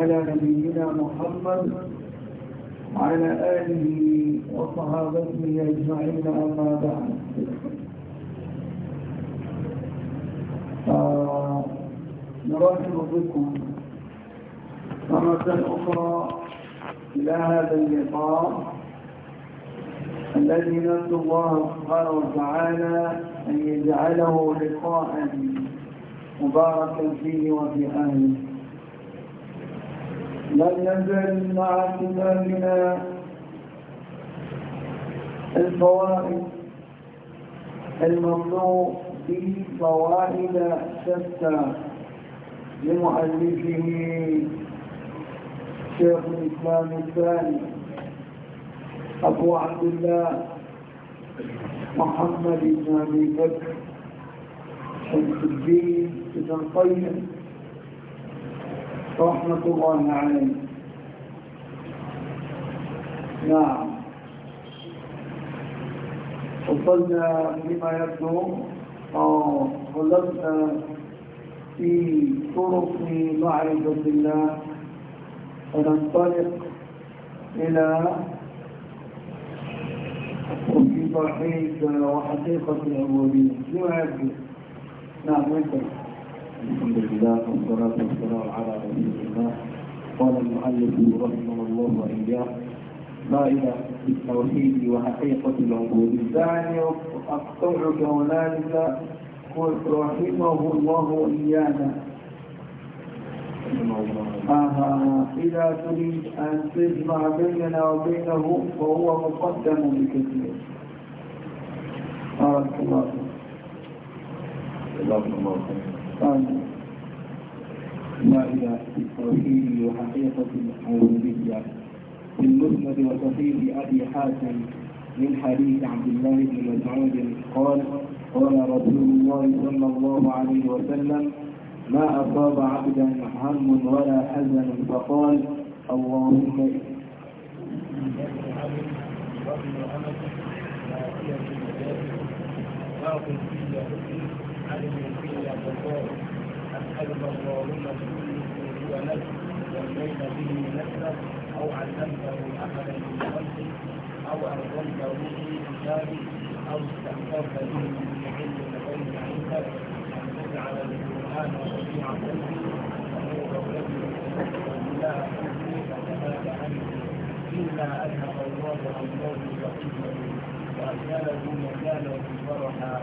على نبينا محمد وعلى آله وصحابته أجمعين أما بعد آه، نرحب بكم مرة أخرى إلى هذا اللقاء الذي نرجو الله سبحانه وتعالى أن يجعله لقاء مباركا فيه وفي أهله لم يزل مع كتابنا الفوائد الممنوع في فوائد شتى لمؤلفه شيخ الإسلام الثاني أبو عبد الله محمد بن أبي بكر شمس الدين بن القيم رحمة الله عليه نعم وصلنا بما يبدو أو آه، آه، في طرق معرفة الله وننطلق إلى في توحيد وحقيقة العبودية لما يبدو نعم يبدو الحمد لله والصلاة والسلام على رسول الله قال المؤلف رحمه الله وإياه قائلة التوحيد وحقيقة العبودية ثاني أقطع كونانك قلت رحمه الله وإيانا آه إذا تريد أن تجمع بيننا وبينه فهو مقدم بكثير بارك الله فيك الإحسان إلى التوحيد وحقيقة العبودية في المسند وتصحيح أبي حاتم من حديث عبد الله بن مسعود قال قال رسول الله صلى الله عليه وسلم ما أصاب عبدا هم ولا حزن فقال اللهم Thank علم فينا بصار أسألك اللهم كل هو لك والبيت به نفسك أو علمته أحدا من خلقك أو أنزلته في كتابك أو استأثرت به من علم لديك عندك أن تجعل القرآن ربيع قلبي ونور قلبي وإله قلبي وكفاك عني إلا أذهب الله عن قومي وقيمته وأجعله مكانه فرحا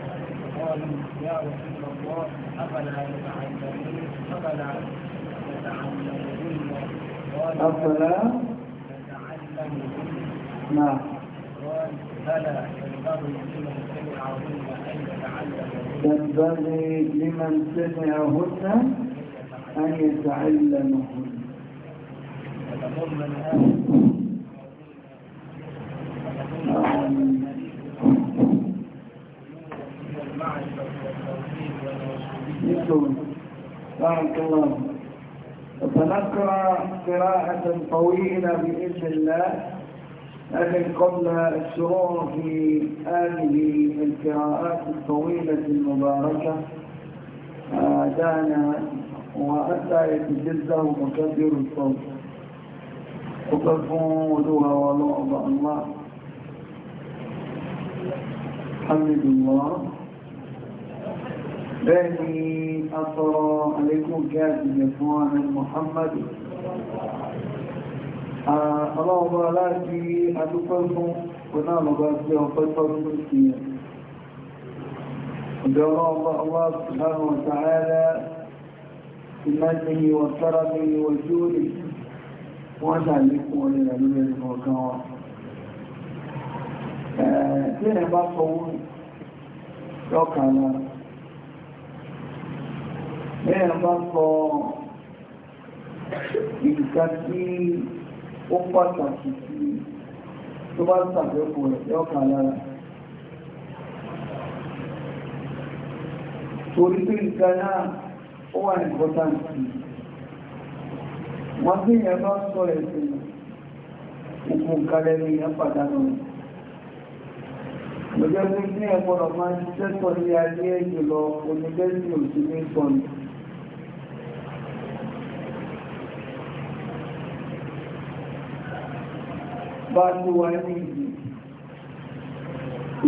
فقالوا يا رسول الله أفلا يتعلمون أفلا يتعلمون قال أفلا يتعلمون نعم قال بلى ينبغي لمن سمعهن أن يتعلمهن ينبغي لمن سمعهن أن يتعلمهن وتضمن هذا أنتم بارك الله وسنقرأ قراءة طويلة بإذن الله لكن قبل الشروع في هذه القراءات الطويلة المباركة آه، دعنا وأتى يتجزه مكبر الصوت وقفوا وجوه ولعب الله حمد الله بني أطرى عليكم جاهز يفوان محمد اللهم لا تي أدوكم ونال باسي وفتر المسيح ودعو الله سبحانه وتعالى بمنه وكرمه وجوده وجعل لكم ولنا لمن وكوان كان باقون يوكا bẹ́ẹ̀ bá sọ nǹkan tí ó pàtàkì sí tó bá ṣàbẹ̀wò rẹ̀ yọ́kà lára torí pé nǹkan náà ó wà ní pọ́tàkì wọ́n tí ìyẹn bá sọ ẹ̀sìn òkun kalẹ̀ ní ìyẹn pàdánù lọ́jọ́ pé ní ẹ̀gbọ́n ọ̀pá ṣiṣẹ́ sọ ní ayé jùlọ onígbẹ́sì òṣèlú ìsọ̀nù bá ní wa ní ìlú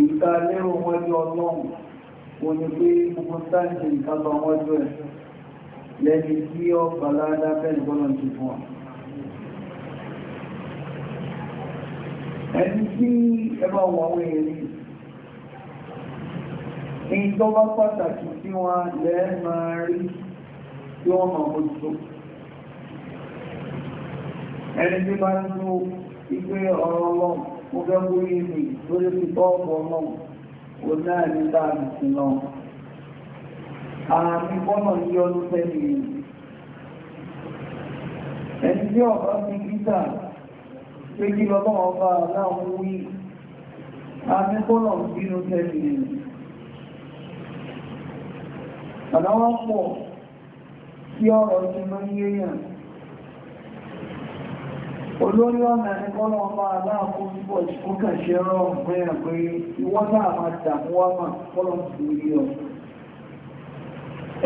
ìta lérò wọn ní ọlọ́run wọn ni pé gbogbo sáàjì ìkábà wọn jọ ẹ̀ lẹ́ni tí ọ̀pá ládá fẹ́ẹ̀ gbọ́nà ti fún wa ẹni tí ẹ bá wọ àwọn èèyàn ní ìjọba pàtàkì ń dúró ìgbé ọ̀rọ̀ ọlọ́run mo fẹ́ mú ìlú lórí ti bọ́ọ̀bù ọlọ́run kò náà ní bá mi sí lọ. àmì bọ́nà ní ọdún sẹ́ni ẹni tí ọ̀bá ti gíta pé kí lọ́gbọ́n ọba láwọn wí àmì bọ́nà bínú sẹ́ni yìí. tí ọ̀rọ̀ ti máa ń yéèyàn olórí ọ̀nà ní kọ́nà ọmọ aláàkún púpọ̀ ó kàn ṣe rọrùn pé ẹ̀ pé ìwọ́n náà máa dàmú wá mà kọ́nà ìgbìyànjú ọ̀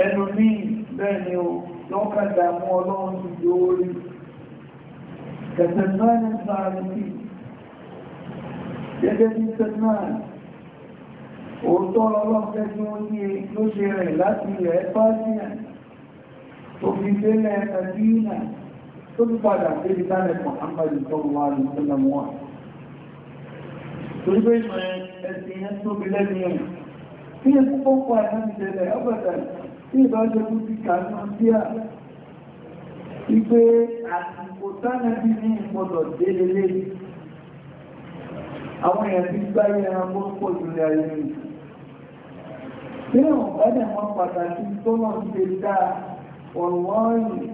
ẹnu ní bẹ́ẹ̀ ni ó lọ́n ká dàmú ọlọ́run ti di orí kẹsàn-án sáré sí gẹ́gẹ́ bí sẹ́nàn òótọ́ ọlọ́fẹ́ tí ó ní ló ṣe rẹ̀ láti ilẹ̀ fásíà tó fi délẹ̀ ẹ̀kàdínà tó ń padà débi dáre Muhammad sọ́wọ́ àìsílẹ̀ wọn torí pé ẹ̀sìn yẹn tó bí lẹ́nu yẹn kí ẹ púpọ̀ pọ̀ àìsàn ìṣẹ̀lẹ̀ ọgbẹ̀ta tí ìbájọ́ tó ti kà ní ọdíà ìgbé àsìkò tánàbí ní ìpọ̀dọ̀ délélé àwọn èèyàn ti gbáyé ẹranko pọ̀ jùlẹ̀ ayé Tí àwọn ọ̀gbẹ́dẹ̀ wọn pàtàkì tó lọ sí dáa, ọ̀rọ̀ wọ́n rìn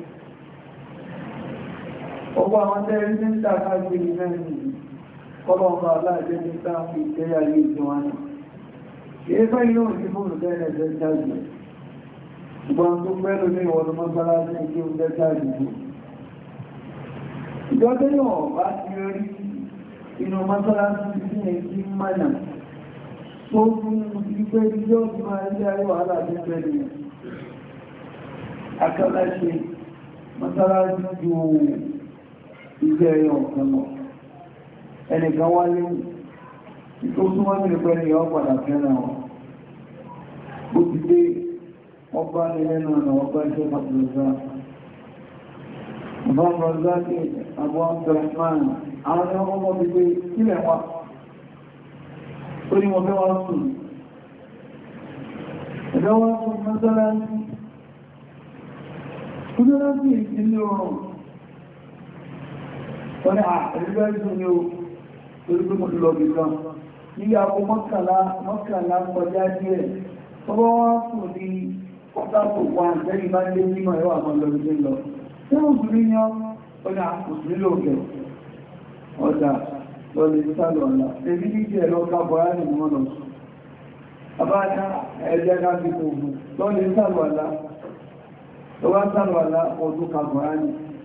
ọgbọ́ àwọn tẹ́rẹ ní ìtàkà gbèrè náà ni ọlọ́ọ̀bá aláàjẹ́ ní sáàmù ìtẹ́yà ilé ìjọwà náà kìí fẹ́ inú ìfúnnù tẹ́rẹ ẹ̀fẹ́ jáde ṣùgbọ́n tó pẹ́lú ní ìwọ̀n mọ́sálá ní ìgbé oúnjẹ jáde tó ìjọ́jẹ́ náà bá ti rí inú mọ́sálá sí ẹ̀kí mánà tó fún ìgbé ilé ọdún ju ìgbé ẹyọ nǹkan lọ ẹnìkan wáyé tó súnmọ́ ní ìpẹ́ ni yọ́ padà fẹ́ràn wọn bó ti dé ọba nílẹ́nu ọ̀nà ọba iṣẹ́ pàtàkì ọba rọ̀lá ní àwọn abdulrahman àwọn ni wọ́n mọ́ wípé sílẹ̀ ó ní fẹ́ wá sùn ẹ̀dá wá sùn mọ́sálásí mọ́sálásí wọ́n ní àìrígbẹ́ ìsún ni ó torí pé mo ti lọ bì kan ní aago mọ́kànlá mọ́kànlá kọjá díẹ̀ tọ́wọ́ wọ́n kù ní pọ́tàkù wa àtẹ́yìn bá dé nímọ̀ ẹ̀wà àwọn lọ ilé lọ tí ó sì rí yan ó ní àkùsùn nílò òkè ọjà lọ lè sálọ ọ̀la èmi ní ìdí ẹ̀rọ kábọ̀ á nì mọ́ lọ sùn àbájá ẹ̀jẹ̀ ká fi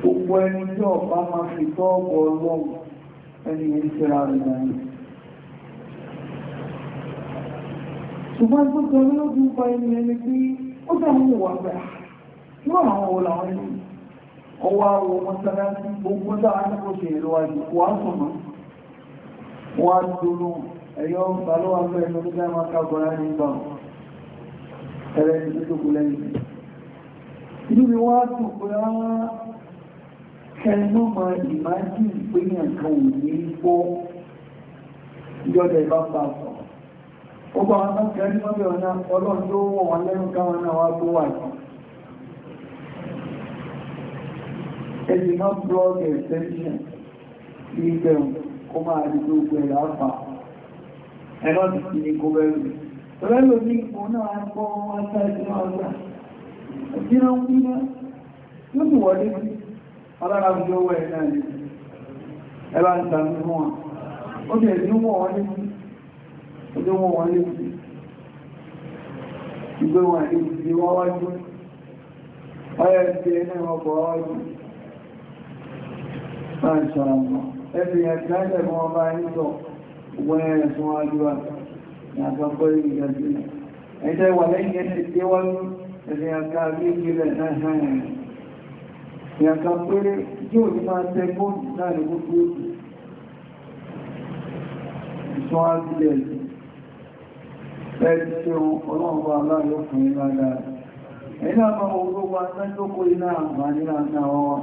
gbogbo ẹni tí ọ̀pá máa fi tọ́ ọ̀pọ̀ ọlọ́run ẹni ń tẹ́ra rẹ̀ náà ṣùgbọ́n tó sọ lọ́dún pa ẹni ẹni tí ó dáhùn wà gbà yóò àwọn wo làwọn ẹni ọwọ́ àwọn mọ́sálásí gbogbo dáa nípa ṣe ìlú àjò wà sọ̀mọ́ wà dúró ẹ̀yọ́ balọ́wà bẹ́ẹ̀ ló dá máa kágbọ́ra nígbà ẹ̀rẹ́ ìdíjókòó lẹ́yìn ìlú ni wọ́n á tún pé ah, kẹnu mọ ìmájú ìpínyàn kan ò ní kó yọ́dẹ̀ bá bá sọ ó bá wọn láti ẹni mọ́bẹ̀ ọ̀nà ọlọ́run tó wọ̀ wọn lẹ́nu káwọn náà wá tó wà jù ẹni náà blog extension ìgbẹ̀rún kó máa rí gbogbo ẹ̀rọ àpá ẹ̀rọ ti fi ní kó bẹ̀rù rẹ́lò ní ipò náà gbọ́ wọn sáà ìdíwọ̀n ọgbà ìdíwọ̀n wíwá yóò sì wọlé sí alára àwùjọ owó ẹ̀ náà ni ẹbá ń tàbí fún wọn ó ti ẹ̀dùn wọn létí ojú wọn létí ìgbé wọn àti wọ́n wájú ọyẹ́ ti ẹni ọkọ̀ wájú máa ń ṣàmọ́ ẹbí ẹ̀kí láìsẹ̀ ọba ògbọ́n ẹ̀rẹ̀ fún ní lẹ́yìn ìyàkà péré yóò ní máa tẹ fóònù láàrin gbogbo òkú ìṣọ́ àbílẹ̀ ẹ̀ẹ́dì tí ọlọ́run bá aláàrin ọkùnrin lágbàá ẹ̀yìn àmà olówó adájókò iná àǹfààní náà wọ́n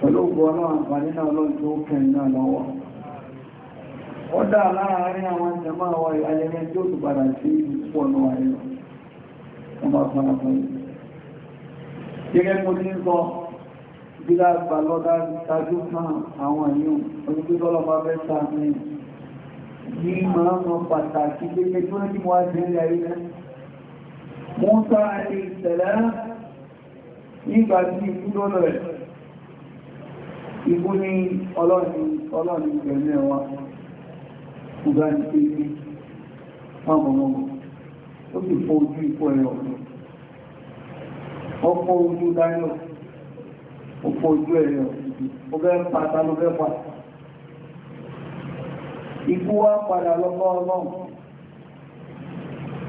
pẹ̀lú ògbò ọlọ́run àǹfààní náà lọ́jọ́ òkèrin náà lọ́wọ́ ó dá láàárín àwọn jẹmáà wọ ayẹyẹ tí ó tù padà sí ìpọ̀ náà ayẹyẹ ọmọ àpàlàpàlà gẹ́gẹ́ mo ní sọ gílá àgbà lọ́dá tajú náà àwọn èèyàn olùgbésọ́lọ́pàá fẹ́ sàmì ní máa mọ pàtàkì gẹ́gẹ́ tó ní wá sí ilẹ̀ ilẹ̀ Mùsá àti ìṣẹ̀lẹ̀ nígbà tí ikú lọ́lọ́ rẹ̀ ikú ní ọlọ́ni ọlọ́ni ìgbẹ̀mẹ́ wa kùgbà ó sì fọ́ ojú ikú ẹ̀rọ ọ̀pọ̀ ọkọ̀ ojú dáyọ̀ ọkọ̀ ojú ẹ̀yọ̀ ó fẹ́ pàtà ló fẹ́ pa ikú wá padà lọ́kọ́ ọlọ́run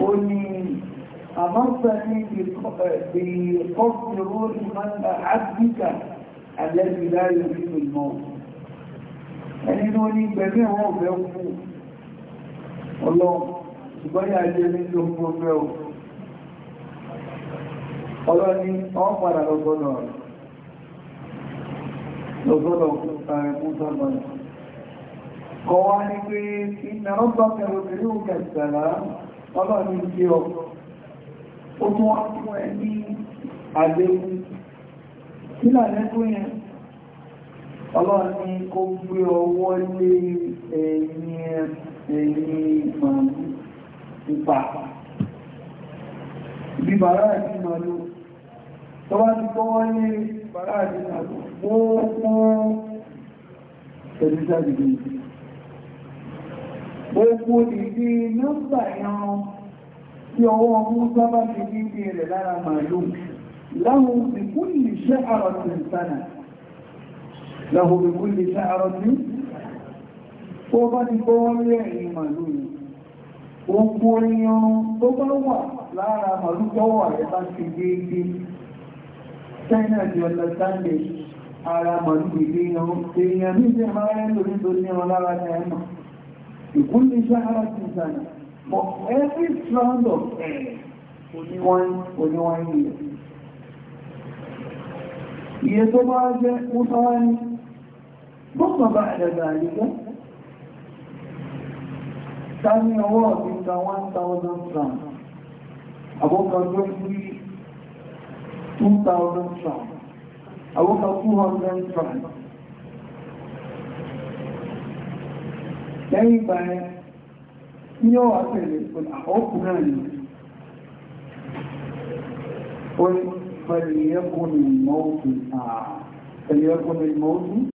ó ní àmọ́sẹ̀ní ìkọ́kùnrin ó ní máa ń àdíkà àlẹ́bí láyé nínú ìmọ̀ ẹni ló ní gbẹ̀mí àwọn ọ̀fẹ́ fún ọlọ́run ṣùgbọ́n yà jẹ́ nínú ọgbọ́n mẹ́wọ̀n ọ̀rọ̀ ni wọ́n padà lọ́gbọ́dọ̀ lọ́gbọ́dọ̀ ọ̀pọ̀lọpọ̀ kọ wá ní pé iná rọ́gbọ́ kẹrò pẹ̀lú kẹsàlá ọlọ́ ní ṣe ọ ó tún wá fún ẹ ní àgbéwú sílà lẹ́kún yẹn ọlọ́ni kó gbé ọwọ́ lé ẹ̀yìn ẹ̀yìn bíbára ẹ̀yìn tó bá ti kọ́ wọ́n ní bàrá àdínà gbogbo ẹ̀lẹ́sà dìde gbogbo dìde nọ́mbà ẹran tí ọwọ́ ọmú sábà ti ní ní rẹ̀ lára màálù láhùn ìkún ìṣẹ́ àrọ̀tì ìsànà láhùn ìkún ìṣẹ́ àrọ̀tì tó bá ti kọ́ wọ́n ní ẹ̀yìn màálù yìí tó bá wà lára màálù tọ́wọ́ rẹ̀ bá ti China ti understand it ara mọ̀lú ìgbéyàn èèyàn méjì máa ń lórí tó ní ọ lára ní ẹ̀mà ìkúnlé iṣẹ́ ara ti sànà for every round of air oníwọ́n oníwọ́n ilẹ̀ iye tó bá jẹ́ mọ́sáwá ní bọ́kàn bá ẹ̀dẹ̀dà àríkẹ́ ta ní ọwọ́ ọ̀dínta 1000 francs àbọ́kàn tó ń rí 2,000 francs. I work out 200 francs. Lẹ́yìn ìgbà ẹ, ní ọwà tẹ̀lẹ̀ pẹ̀lú àkọ́kù náà ni, ó ní pẹ̀lú ẹkùn ìmọ̀ òtù